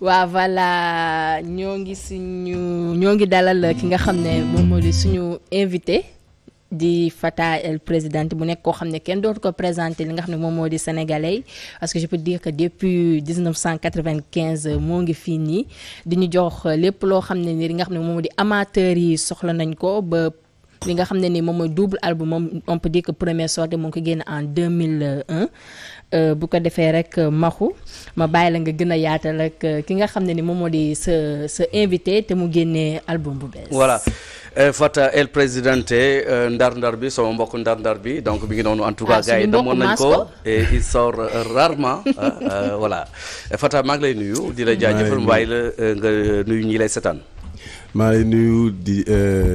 waa voilà ñoo ngi si ñu ñoo ngi dalal ki nga xam ne moom moo di suñu invité di Fata El Presidente bu nekk koo xam ne kenn dootu ko présenté li nga xam ne moom moo di sénégalais parce que je peux dire que depuis 1995 moo ngi fii nii di ñu jox lépp loo xam ne ni li nga xam ne moom moo di amateurs yi soxla nañ ko ba. li nga xam ne nii moom mooy double album moom on peut première sortie mu ngi ko génn en 2001 Euh, bu ko defee rek euh, maxu ma bàyyi la nga gën a yaatal ak euh, ki nga xam ne ni moom moo di sa sa invité te mu génnee album bu bees. voilà Fata El Presidente ndar-ndar bi sama mbokk ndar-ndar bi donc bi ngi noonu en tout cas. Ah, gars yi demoon nañ ko il sort rarement. voilà Fata maa ngi lay nuyu. di la jaajëfal mbaay la nga nuyu ñii lay setaan. maa lay nuyu di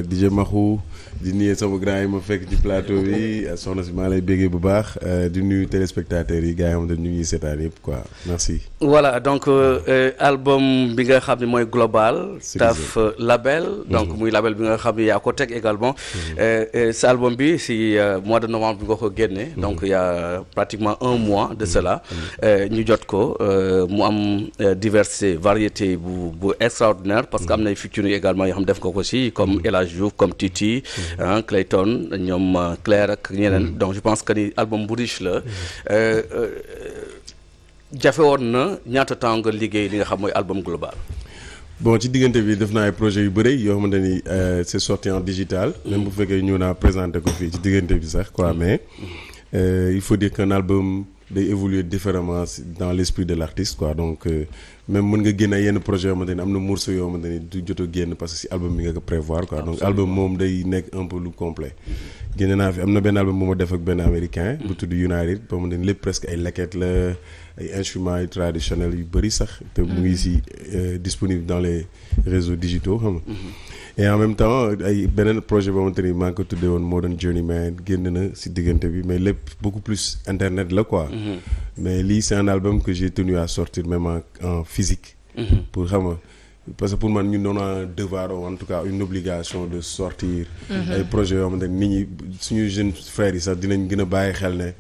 DJ Maxu. di nuyu sama grand yi ma fekk ci plateau bi euh, soxna si maa lay béggee bu baax euh, di nuy téléspectateurs yi gars yi xam ne ñu ngi seetaan yëpp quoi merci. voilà donc euh, euh album bi nga xam ne mooy global. taf label. donc mm-hmm. muy mmh. label bi nga xam ne yaa ko teg également. Mm-hmm. sa album bi si mois de novembre bi nga ko génne. Mm-hmm. donc il y pratiquement un mois de cela. ñu jot ko mu am diversité variété bu bu extraordinaire parce que am na featuring également yoo xam def nga ko si comme El Hadj Diouf comme Titi. ah Clayton ñoom euh, Claire ak ñeneen mm-hmm. donc je pense que ni album bu riche la euh, euh, jafe woon na ñaata temps nga liggéey li nga xam mooy album global. bon ci diggante bi def naa ay projet yu bëri yoo xamante ni c' est sorti en digital. Mm-hmm. même bu fekkee ñëw naa présenté ko fii ci diggante bi sax quoi mm-hmm. mais euh, il faut dire qu'un album day évoluer différemment dans l' esprit de l' artiste quoi donc. même mën nga génne yenn projet yoo am na morceau yoo xamante ni du jot génn parce que si album bi nga ko prévoir quoi moom day nekk un peu lu complet génne fi am na benn album bu ma def ak benn américain mm-hmm. bu tudd United boo xamante ni lépp presque ay leket la ay instruments yu traditionnels yu bëri sax te mu ngi mm-hmm. si euh, disponible dans les réseaux digitaux xam et en même temps ay beneen projet boo xamante ni maa ngi ko tuddee woon moo doon Journeyman génn na si diggante bi mais lépp beaucoup plus internet la quoi. Mhm. mais lii c'est un album que j'ai tenu à sortir même en en physique. Mhm. pour xam nga parce que pour man ñu on a un devoir ou en tout cas une obligation de sortir. Mhm. ay projet yoo xamante ni nit ñi suñu jeunes frères yi sax dinañ gën a bàyyi xel ne.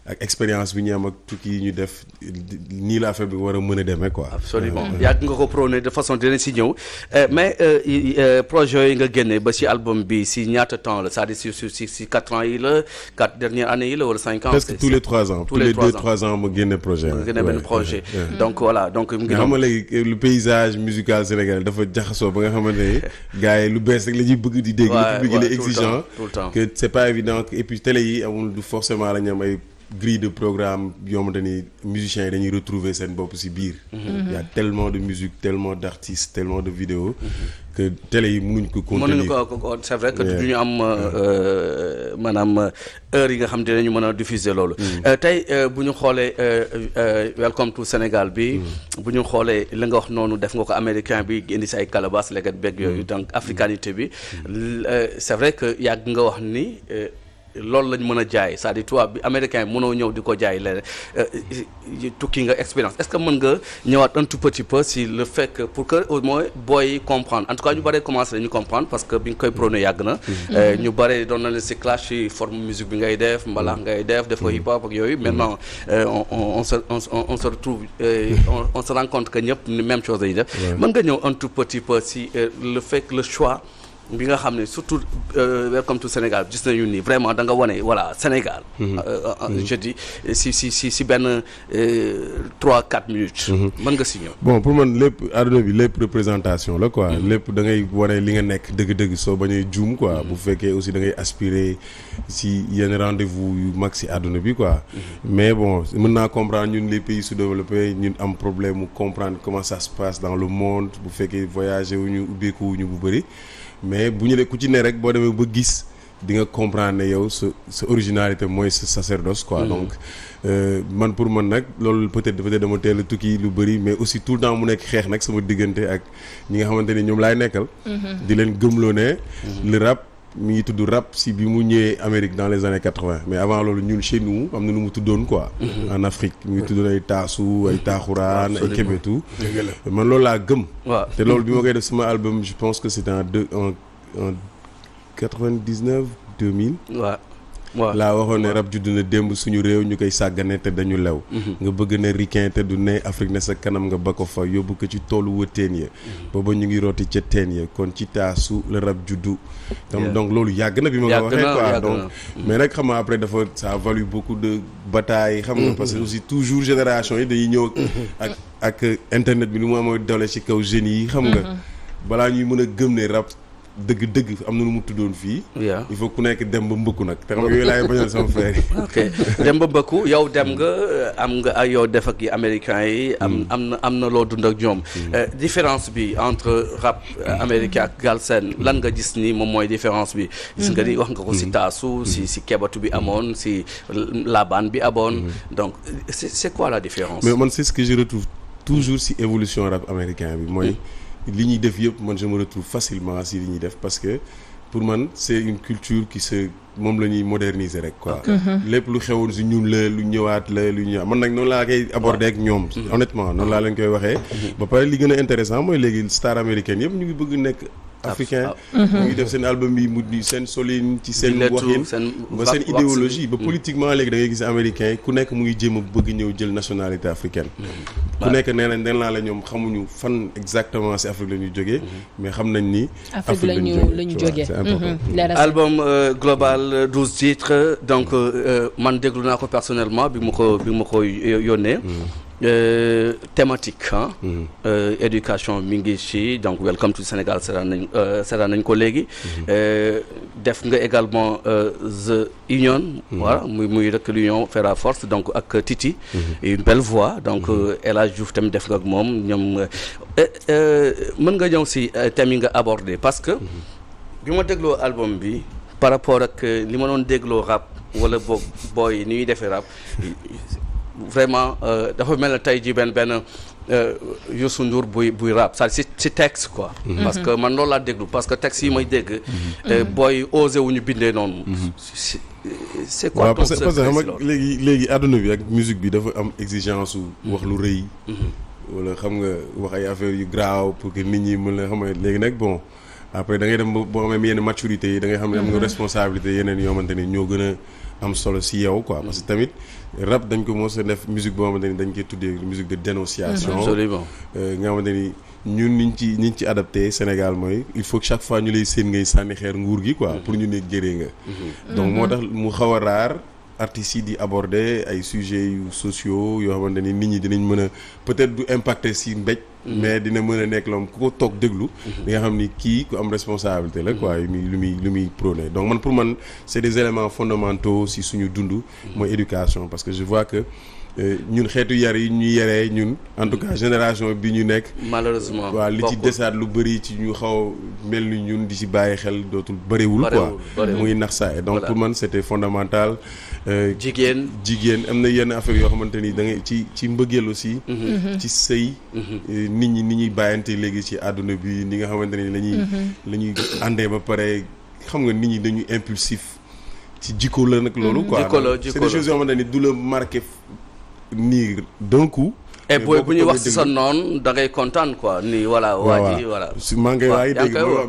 ak expérience bi ñu am ak tukki ñu def nii la affaire bi war a mën a demee ko absolument yàgg nga ko prôné de façon dina si ñëw euh, mais euh, euh, projet yooyu nga génne ba si album bi si ñaata temps la c'est-à-dire si quatre ans yi la quatre dernières années yi la wala cinq ans. presque tous les trois ans tous les deux trois ans ma génne projet. ma génne projet mm. donc voilà donc. mu ngi xam nga léegi le paysage musical sénégalais dafa jaxasoo ba nga xamante ne gars yi lu bees rek la ñuy bëgg di dégg. waay waay tout le temps le public il est grille de programme yoo xamante ni musiciens yi dañuy retrouver seen bopp si biir. Mhm. y a de musique tellement d'artistes tellement de vidéos. Mhm. que télé yi mënuñ ko. contenir mënuñ ko c'est vrai que du ñu am euh, euh, maanaam euh, heure yi nga xam te ne ñu mën a diffuser loolu. Mm. tey bu ñu xoolee welcome to Sénégal bi. Mm. bu ñu xoolee li nga wax noonu def nga ko américain bi indi si ay calabas leget beeg yooyu mm. donc africanité bi c'est vrai que yàgg nga wax ni. loolu lañ mën a jaay c'est-à-dire tubaab bi américain bi mënoo ñëw di ko jaay leneen euh, euh, tukki nga expérience est-ce que mën nga ñëwaat un tout petit peu si le fait que pour que au moins booy comprendre en tout cas ñu bare commencé nañu comprendre parce que bi nga koy prôné yàgg na. Mm-hmm. Euh, ñu bare doon na leen si clash si forme musique bi ngay def mbalax mm-hmm. ngay def def ko mm-hmm. hip hop ak yooyu maintenant on on se on on se retrouve on se rend compte que ñëpp même chose la ñuy def. mën nga ñëw un tout petit peu si bi nga xam ne surtout euh, welcome to Sénégal gis yu nii vraiment da nga wane voilà Sénégal. Mhm. Euh, euh, mhm. je dis si si si si benn trois quatre minutes. Mhm. mën nga si ñëw. bon pour man lépp àdduna bi lépp représentation la quoi. lépp da ngay wane li nga nekk dëgg-dëgg soo bañuy juum quoi bu fekkee aussi da ngay aspirer si yenn rendez-vous yu mag si àdduna bi quoi. mais bon mën naa comprendre ñun les pays sous-développés ñun am problème mu comprendre comment ça se dans le monde bu fekkee voyager wu ñu bu bëri. mais bu ñu ne ku ci ne rek boo demee ba gis di nga comprendre ne yow sa sa originalité mooy sa sacerdoce quoi mm. donc euh, man pour man nag loolu peut-être peut dama teel a tukki lu bëri mais aussi tout le temps mu nekk xeex nag sama diggante ak ñi nga xamante ne ñoom laay nekkal mm-hmm. di leen gëmloo ne mm-hmm. le rap mi ngi tudd rap si bi mu ñëwee Amérique dans les années quatre vingt mais avant loolu ñun chez nous am na nu mu tuddoon quoi. Mhm. en Afrique mi ngi tuddoon ay taasu ay taaxuraan ay kebetu. man loolu laa gëm. waaw te loolu bi ma koy def sama album je pense que c' était en deux en en quatre vingt dix neuf deux mille. waaw laa waxoon ne rab judd na démb suñu réew ñu koy sàggane te dañu lew mhm. nga bëgg ne ricain te du ne Afrique na sa kanam nga ba ko fa yóbbu ko ci toolu wa teen ya mhm. booba ñu ngi rooti ca teen ya kon ci taasu la rab juddu tam donc loolu yàgg na bi ma ko waxee quoi donc mhm. mais nag xam nga après dafa ça a valu beaucoup de xam nga parce que aussi toujours génération yi dañuy ñëw ak ak internet bi lu mu amoo doole ci kaw jeunes yi xam nga balaa ñuy mën a gëm ne rab dëgg-dëgg am na lu mu tuddoon fii. waaw il faut ku nekk dem ba mbëkku nag. te xam nga yooyu laay bañal sama frère dem ba mbëkku yow dem nga am nga ay ah, yow def ak yi américain yi. am hmm. am na am na loo dund ak ñoom. Hmm. Euh, différence bi entre rap euh, américain ak galsen lan nga gis nii moom mooy différence bi. gis nga di hmm. wax nga ko si taasu si kebatu bi amoon si laabaan bi amoon. donc c' est c' est quoi la différence. mais man si est ce que je retrouve toujours si évolution rap américain bi mooy. li ñuy def yëpp man je me retrouve facilement si li ñuy def parce que pour man c'est une culture qui se moom la ñuy moderniser rek quoi mm-hmm. lépp lu xewoon si ñun la lu ñëwaat la lu ñëwaat man nag noonu laa koy aborder ak ñoom mm-hmm. honnêtement noonu laa leen koy waxee mm-hmm. ba pare li gën a intéressant mooy léegi star américaine yëpp ñu ngi bëgg nekk africain ah. mu ngi mhm. def seen album bi mu di seen solin ci seen waxin ba seen idéologie ba mhm. politiquement léegi da ngay gis américain ku nekk mu ngi jéem a bëgg ñëw jël nationalité africaine mhm. ku nekk nee nañ den naa la ñoom xamuñu fan exactement si Afrique la ñu jógee mais xam nañ ni Afrique la ñu la ñu jógee album euh, global euh, douze donc euh, man déglu naa ko personnellement bi ma ko bi mu ko yónnee Euh, thématique ah. éducation mi ngi ci donc welcome to Sénégal seetaan nañ euh, seetaan nañ ko léegi. Mm-hmm. def nga également The Union. Mm-hmm. voilà muy muy rek l'union fait la force donc ak Titi. une belle voix donc El Hadj Diouf tamit def nga ak moom ñoom mën nga ñëw si thème yi nga abordé parce que. bi ma dégloo album bi. par rapport ak li ma doon dégloo rap wala boog booy yi ni ñuy defee vraiment euh, dafa mel ne tey jii benn benn euh, su Ndour buy buy rap ça si si texte quoi. Mhm. parce que man loolu laa déglu parce que texte yi may dégg. Mhm. Euh, booy osé wu ñu bindee noonu. Mhm. c'est quoi ton secret parce que xam nga léegi léegi àdduna bi ak musique bi dafa am exigence su wax lu rëy. wala xam nga wax ay affaire yu graaw pour que nit ñi mën la xam léegi nag bon après da ngay dem boo xam ne yenn maturité yi da ngay xam ne am nga responsabilité yeneen yoo xamante ni ñoo gën a. am solo si yow quoi parce que tamit rab dañ ko mos a def musique boo xamante ni dañ koy tuddee musique de dénonciation mm-hmm. euh, nga xamante ni ñun niñ ci niñ ci adapté Sénégal mooy il faut que chaque fois ñu lay seen ngay sànni xeer nguur gi quoi pour ñu ne jëree nga mm-hmm. donc moo mm-hmm. tax mu xaw a raar artistes yi di aborder ay sujets yu sociaux yoo xamante ni nit ñi dinañ mën a peut-être du impacter si mbéj mais dina mën a nekk loom ku ko toog déglu. di nga xam ni kii ku am responsabilité la quoi lu muy lu muy lu muy donc man pour man c'est des éléments fondamentaux si suñu dund. mooy éducation parce que je vois que. Euh, ñun xeetu yar yi ñu yaree ñun en tout cas génération bi ñu nekk. malheureusement waaw li ci desaat lu bëri ci ñu xaw mel ni ñun di ci bàyyi xel dootul bëriwul. quoi muy nax saay donc pour man c'était fondamental. Euh, jigéen jigéen am na yenn affaire yoo xamante ni da ngay ci ci mbëggeel aussi. Mhm. Mhm. ci sëy. Mhm. Euh, nit ñi ni ñuy bàyyante léegi ci àdduna bi ni nga xamante ni la ñuy. àndee ba pare xam nga nit ñi dañu impulsif. ci jikko la nag loolu. quoi c'est des choses yoo xamante du la marqué. nii d'un coup. Eh, bu ñuy wax si sa noon da kontaan quoi nii voilà. waa ji voilà su maa ngi waaye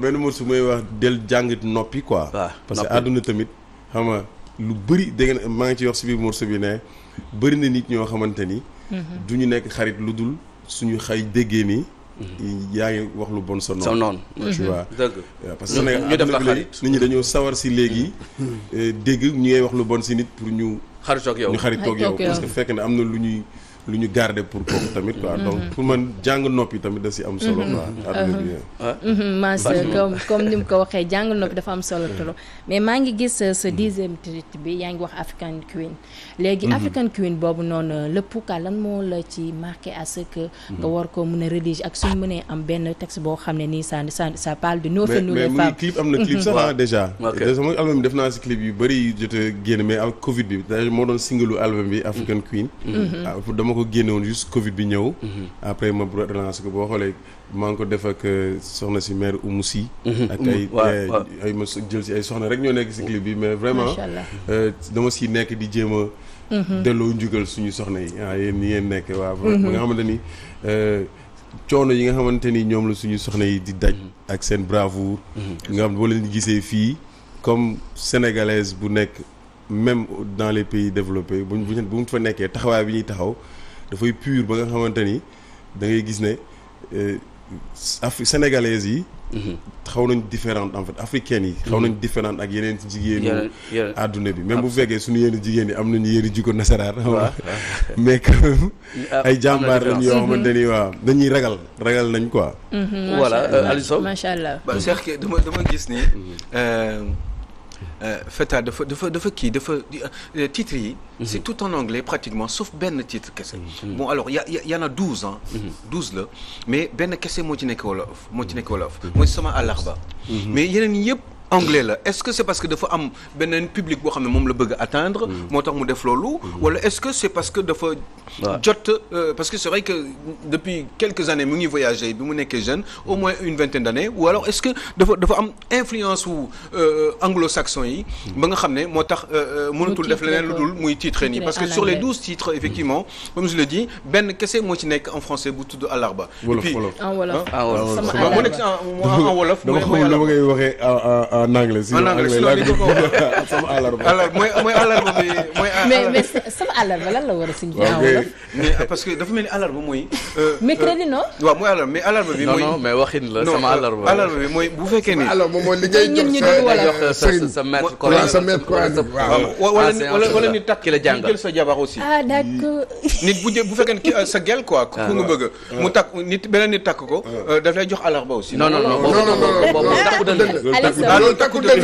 benn mot su may wax del jàngit noppi quoi. waaw parce que àdduna tamit xam lu bëri dégg nga maa ngi ci wax si biir morceau bi ne bëri na nit ñoo xamante ni. Mhm. du ñu nekk xarit lu dul suñu xay déggee nii. Mm-hmm. yaa ngi wax lu bon sa noonu. sa noonu. tu mm-hmm. vois parce que ñu def la xarit nit ñi dañoo sawar si léegi. Mm-hmm. Eh, dégg ñu ngay wax lu bon si nit pour ñu. xaritoog yow ñu xaritoog yow parce que fekk na am na lu ñuy. lu ñu garder pour kooku tamit quoi donc mhm. pour man jàng noppi tamit si am comme ni mu ko waxee jàng noppi dafa am solo trop mais maa ngi gis euh, ce mhm. dixième titre bi yaa ngi wax African Queen léegi mhm. African Queen boobu noonu le pourquoi lan moo la ci marqué à ce que nga war ko mën a rédiger ak suñu mënee am benn texte boo xam ne nii sa ça ça parle de nos faits nous les femmes mais mais clip am na clip sax ah déjà sama album bi def naa si clip yu bëri yu jot a génn mais ak Covid bi moo doon singalu album bi African mm. Queen mm-hmm. ah, dama ko génnewoon Covid bi ñëw. Mhm. après ma relance ko boo xoolee maa ngi ko def ak euh, soxna si mair Oumou si mhm. ak ay ay ma jël si ay soxna rek ñoo nekk si clip bi mais vraiment. Euh, dama si nekk di jéem a. Mhm. delloo njugal suñu soxna yi ah nekk waa ba nga xamante ni euh, coono yi nga xamante ni ñoom la suñu soxna yi di daj. ak seen bravoure. nga xam boo leen gisee fii comme sénégalaise bu nekk. même dans les pays développés buñ buñ bu mu fa nekkee taxawaay bi ñuy taxaw dafay pur ba nga xamante ni da ngay gis ne euh, Afri sénégalaises yi. Mhm. xaw nañ différente en fait africaines yi. xaw nañ mhm. différente ak yeneen jigéenu. yeneen àdduna bi même bu fekkee suñu yenn jigéen yi am nañu yéen jikko nasaraan. mais quand ah, ay jàmbaar lañ yoo xamante ni dañuy ragal ragal nañ quoi. Mhm, voilà euh, Aliou Sow macha dama dama gis ni. Euh, Euh, FETA dafa dafa dafa kii dafa euh, titres yi. Mhm. c'est tout en anglais pratiquement sauf benn titre kese. Mhm. bon alors y a y en a douze ans. Mhm. douze la mais benn kese moo ci nekk wolof moo ci nekk wolof. mooy sama àllarba. mais yeneen yëpp. anglais la est-ce que c'est parce que dafa am beneen public boo xam ne moom la bëgg atteindre. Mm. moo mu def loolu. Mm. est-ce que c'est parce que dafa. jot euh, parce que c'est vrai que depuis quelques années mu ngi voyagé bi mu nekkee jeune au moins une vingtaine d'années ou alors est-ce que dafa dafa am influence wu euh, anglo-saxon yi. Mm. ba nga xam ne moo tax. Euh, mënatul def leneen lu dul muy titre nii parce que sur les douze titres effectivement comme je le dis benn kese moo bu tudd en anglais si en anglais laa sama àllarba. alors mooy la war a si. mais parce que dafa mel ni àllarba mooy. mercredi non. waaw mooy àllarba mais mooy non waxin la sama àllarba. àllarba mooy bu fekkee ni. àllarba mooy li ngay jox sa sa sa maître coran sa maître coran waaw wala wala nit takk ki la jàngal jël sa jabar aussi. ah d'accord. nit bu jë bu fekkee ni sa gel quoi. ku nga bëgg mu takk nit beneen nit takk ko. daf lay jox àllarba aussi. non non non non non non loolu takku dënd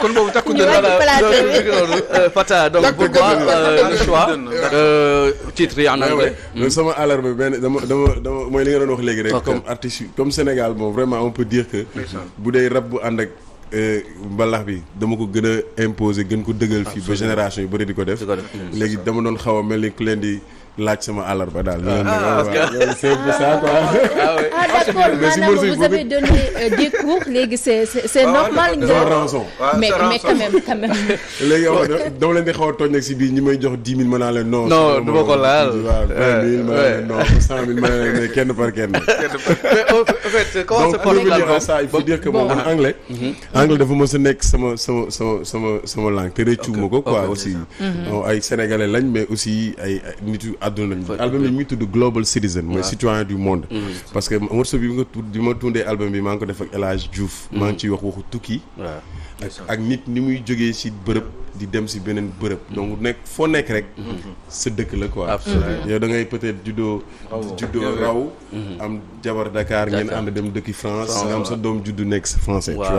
kon boobu takku dënd la loolu euh, Fata donc pour moi le euh, euh, titre yi en ah anglais. Hmm. sama alarme benn dama dama mooy li nga doon wax léegi rek. comme artiste comme Sénégal moom vraiment on peut dire que. bu dee rab bu ànd ak. mbalax bi dama ko gën a imposer gën ko dëggal fii ba génération yu bëri di ko def hmm. léegi dama doon xaw a mel ni ku leen di laaj sama àllarba daal. ah, ah parce que ah, ah, d'accord maanaam vous avez donné euh, des cours léegi c' est c' est mais xaw a tooñ nag si biir ñi may jox dix mille ma naa leen non. ma waaw mais kenn par kenn. mais en anglais. Mhm. anglais dafa mos a nekk sama sama sama sama te rëccu ma ko quoi mhm. ay sénégalais lañ mais aussi ay nitu àdduna lañu album bi mi ngi tudd Global Citizen mooy citoyen du monde mm-hmm. parce que morceau bi ma tuddee album bi maa ngi ko def ak El Hadj mm-hmm. maa ngi ciy wax waxu tukki ak nit ni muy jógee ci bërëb di dem si beneen bërëb. donc nekk foo nekk rek. sa dëkk la quoi. yow da ngay peut-être juddoo. juddoo raw. Mhm. am jabar Dakar ngeen ànd dem dëkki France. nga am sa doom juddu nekk si français. tu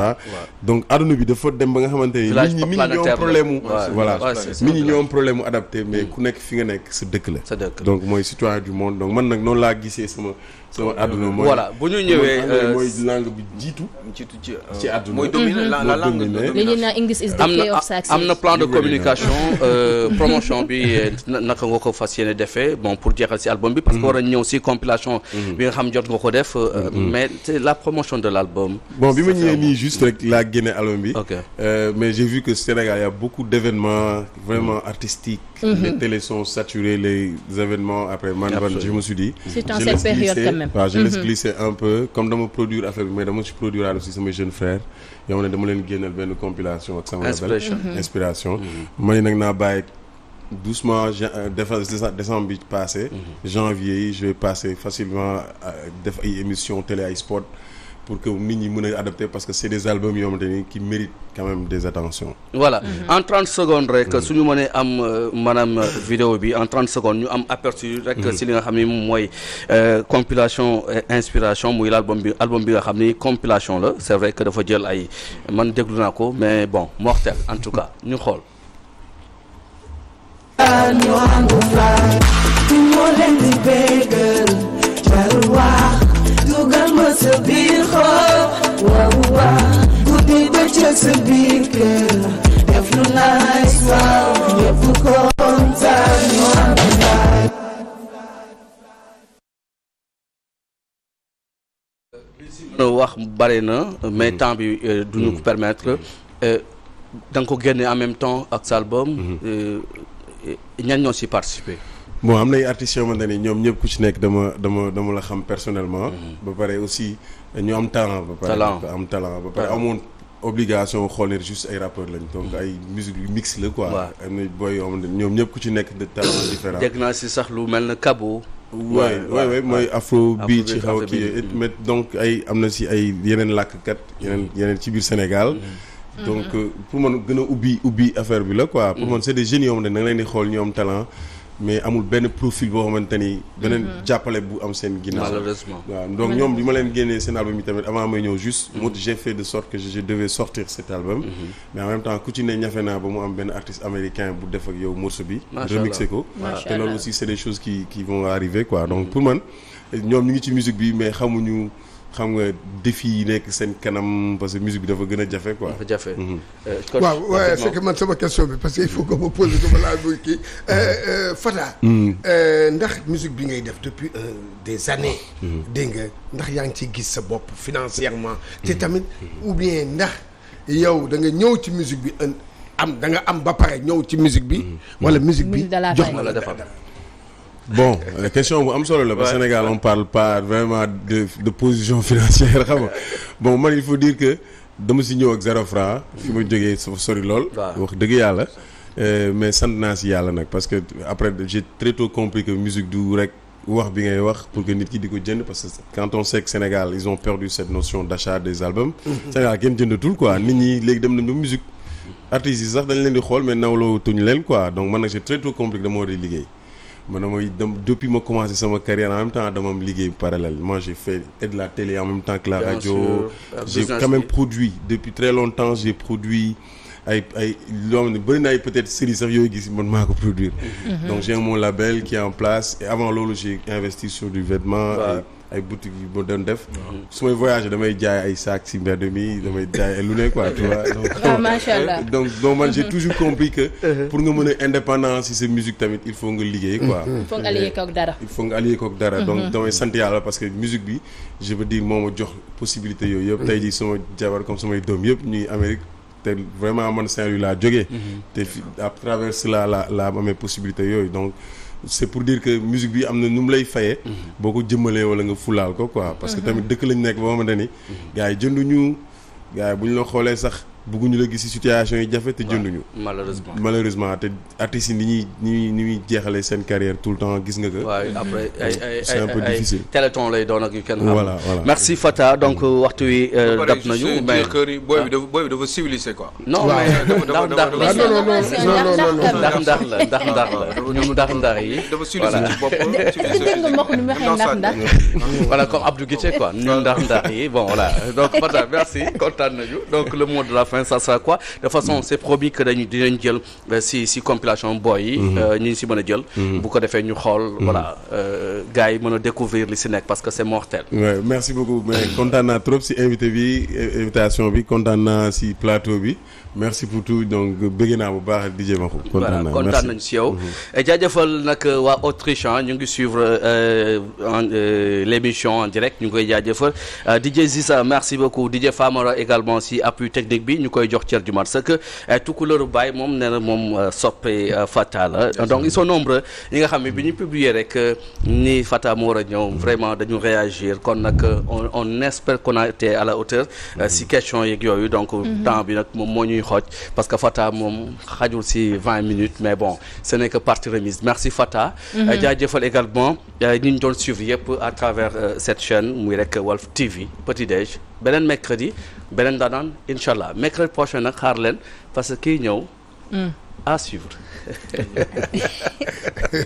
donc adduna bi dafa dem ba nga xamante ni. nit ñi nit ñi ñoo problème mu. voilà nit ñi ñoo problème mu adapté mais mm. ku nekk fi nga nekk sa dëkk la. donc mooy citoyen du monde donc man nag noonu laa gisee sama. sama àdduna euh, mooy voilà bu ñëwee mooy euh, jiitu. jiitu ci euh, ci àdduna mooy dominer la langue li ñuy naan English is the key am na plan de communication promotion bi naka nga ko fas yéene defee bon pour jeexal si album bi. parce que mm-hmm. war a ñëw si compilation. Mm-hmm. bi nga xam jot nga ko def. Mm-hmm. mais c'est la promotion de l' album. bon bi ma ñëwee nii juste rek laa génne album bi. ok mais j'ai vu que Sénégal y a beaucoup d' événements vraiment artistiques. Mhm. les télés sont saturées les événements après man man je me suis dit c'est en cette période quand même waaw je laisse mhm. glisser un peu comme dama produire affaire bi mais dama ci produire aussi samay jeunes frères yow ne dama leen génneel benn compilation ak sama label inspiration mhm. may nag naa bàyyi doucement euh, décembre bi passé janvier yi je vais passer facilement euh, def ay émission télé ay sport pour que nit ñi mën a adapté parce que c'est des albums yoo xamante ni qui méritent quand même des attentions voilà mmh. en 30 secondes rek mm-hmm. suñu mënee am euh, maanaam euh, video bi en 30 secondes ñu am aperçu rek si mm-hmm. li nga xam ni mooy euh, compilation inspiration muy l'album bi album bi nga xam ni compilation la c'est vrai que dafa jël ay man déglu naa ko mais bon mortel en tout cas ñu xool bare na mais mm-hmm. temps bi euh, du ñu ko mm-hmm. permettre euh, da nga ko génne en même temps ak sa album mm-hmm. euh, ñan ñoo si participer bon am nay artistes yoo xamante ni ñoom ñëpp ku ci nekk dama dama dama la xam personnellement ba pare aussi ñu am talent ba pare am talent ba pare amoon obligation xool ne juste ay rappeurs lañ donc ay musique yu mix la quoi am na booy yoo xamante ñoom ñëpp ku ci nekk de talent différent dégg naa si sax lu mel na Kabo waay waay waay mooy afro bii ci xaw a kii mm. mais donc ay am na si ay yeneen làkkat yeneen mm. yeneen ci biir Sénégal mm. mm-hmm. donc euh, pour man gën a ubbi ubbi affaire bi la quoi pour man c'est des jeunes yoo xam ne leen di xool ñoom talent mais amul benn profil boo xamante ni. beneen mhm. jàppale bu am seen ginnaaw. malheureusement waaw donc ñoom bi ma leen génnee seen album yi tamit avant may ñëw juste. Mhm. moo j'ai fait de sorte que je devais sortir cet album. Mhm. mais en même temps ku ci ne ñafe naa ba mu am benn artiste américain bu def ak yow morceau bi. remixé ko te loolu aussi c'est des choses qui qui vont arriver quoi donc pour man ñoom ñu ngi ci musique bi mais xamuñu. xam nga défi yi nekk seen kanam parce que musique bi dafa gën a jafe quoi. jafe. Mhm. Euh, waaw waaw c'est que man sama question bi parce que il faut que ma pose ko ma laaj muy kii euh, mhm. euh, Fata. Mhm. ndax musique bi ngay def depuis des années. dégg nga ndax yaa ngi ciy gis sa bopp financièrement. te tamit ou bien ndax yow da nga ñëw ci musique bi am da nga am ba pare ñëw ci musique bi. wala musique bi jox ma la defal. bon euh, question bu am solo la. parce que Sénégal on parle pas vraiment de de position financière xam nga bon man il faut dire que dama si ñëw ak zéro franc fi ma jógee sama sori lool. wax dëgg yàlla. Euh, mais sant naa si yàlla nag parce que après j'ai très tôt compris que du rek wax bi ngay wax pour que nit ki di ko jënd parce que quand on sait que Sénégal ils ont perdu cette notion d'achat des albums. Mhm. Sénégal kenn jëndatul quoi nit ñi léegi dem nañ ba musique artistes yi dañ leen di xool mais leen quoi donc man nag j'ai très tôt liggéey. man damay dem depuis ma commencé sama carrière en même temps dama am liggéey parallèle moi j'ai fait et de la télé en même temps que la Bien radio euh, j'ai produit depuis très longtemps j'ai produit ay ay loo xam ne bëri na ay peut-être série sax yooyu gis man maa ko produire mhm. donc j'ai mon label qui est en place et avant loolu j'ai investi sur du vêtement ay boutiques yu ma doon def. su may voyager damay jaay ay saak si mbedd mi damay jaay lu ne quoi tu vois. ah macha allah donc donc man toujours compris que. Uh-huh. pour nga mën a indépendant si sa musique tamit il faut nga liggéey quoi. Uh-huh. il faut dara. il faut nga allier koog dara. donc uh-huh. damay sant yàlla parce que musique bi je veux dire moo ma jox possibilité yooyu yëpp. tey jii sama jabar comme samay doom yëpp ñuy Amérique. te vraiment man Saint-Louis laa jógee. te à travers cela la la amee possibilité yooyu donc. c'est pour dire que musique bi am na nu mu lay fayee. Mhm. boo ko jëmmalee wala nga fulaal ko quoi. parce que mhm. tamit dëkk lañu nekk ba xamante ni. Mhm. gars yi jënduñu gars yi bu ñu la xoolee sax. bugguñu la gis ci situation yi jafe te jënduñu. malheureusement malheureusement te artistes yi ni ñuy ni ñuy ni seen carrière tout le temps gis nga que. waaw après ay ay c'est un peu difficile. téléthon lay doon ak yu kenn xam. voilà voilà merci Fata donc euh, waxtu wi euh, dab nañu. mais booy bi ah. dafa booy bi dafa civilisé quoi. non mais ndax ndax non non non ndax ndax la ndax ndax la nu mu waxee ndax ndax. yi bon voilà donc Fata merci kontaan nañu donc le mot la fin fin ça sera quoi de façon mm. euh, mm-hmm. euh, ñu si mën a jël mm-hmm. mm-hmm. euh, yi mën a découvrir si nekk parce que c'est mortel ouais, merci beaucoup mais kontaan naa trop si invité bi invitation bi kontaan naa si plateau bi merci pour tout donc bëgg naa bu baax DJ Makhou kontaan naa kontaan nañu si yow jaajëfal nag waa Autriche ah, ñu ngi suivre l'émission en direct ñu ngi koy jaajëfal DJ Zissa merci beaucoup DJ Famara également si appui technique bi ñu koy jox cër ju mat sëkk eh, tukulëru baay moom nee na moom euh, soppe euh, Fata la donc ils sont nombreux ñi nga xam ne bi ñu publier rek euh, ni Fata moo war a ñëw mm-hmm. vraiment dañu réagir kon nag on on espère a été à la hauteur mm-hmm. si question yooyu donc mm-hmm. temps bi nag moom moo ñuy xooj parce que Fata moom xajul si vingt mais bon ce n'est que partie remise merci Fata jaajëfal ñu doon suivre yëpp à travers cette chaîne muy rek Walf TV petit déj beneen mercredi beneen daanaan incha allah mercredi prochain nag xaar leen parce que kii ñëw. Mm. à suivre.